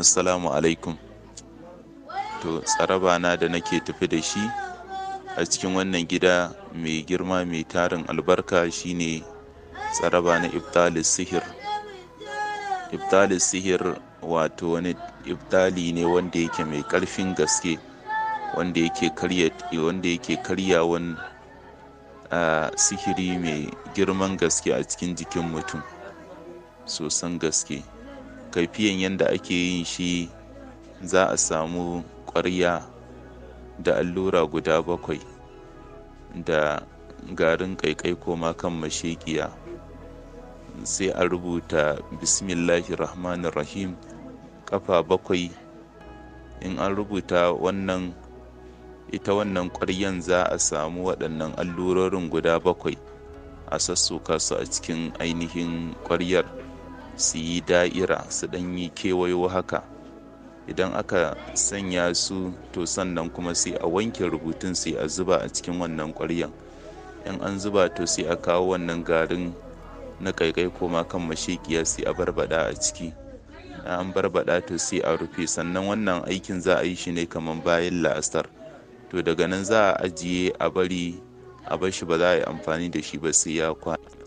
assalamu alaikum to tsaraba na da nake tafi da shi a cikin wannan gida mai girma mai tarin albarka shine tsaraba na iftalis sihir iftalis sihir wato wani iftali ne wanda yake mai ƙarfin gaske wanda yake karya wanda yake karyawan sihiri mai girman gaske a cikin jikin mutum sosan gaske kaifiyan yadda ake yin shi za a samu ƙwarya da allura guda bakwai da garin ƙaiƙai koma kan mashekiya sai a rubuta bismillahi rahmanir rahim ƙafa bakwai in an rubuta wannan ita wannan ƙwaryan za a samu waɗannan allurorin guda bakwai a sassoka su a cikin ainihin ƙwaryar su yi da'ira su ɗan yi kewayo haka idan aka sanya su to sannan kuma sai a wanke rubutun sai a zuba a cikin wannan ƙwaryan in an zuba to sai a kawo wannan garin na ƙaiƙai koma kan mashekiya sai a barbada a ciki an barbada to sai a rufe sannan wannan aikin za a yi shi ne kamar bayan la'asar to daga nan za a ajiye a bari a bar shi ba za a yi amfani da shi ba sai ya kwana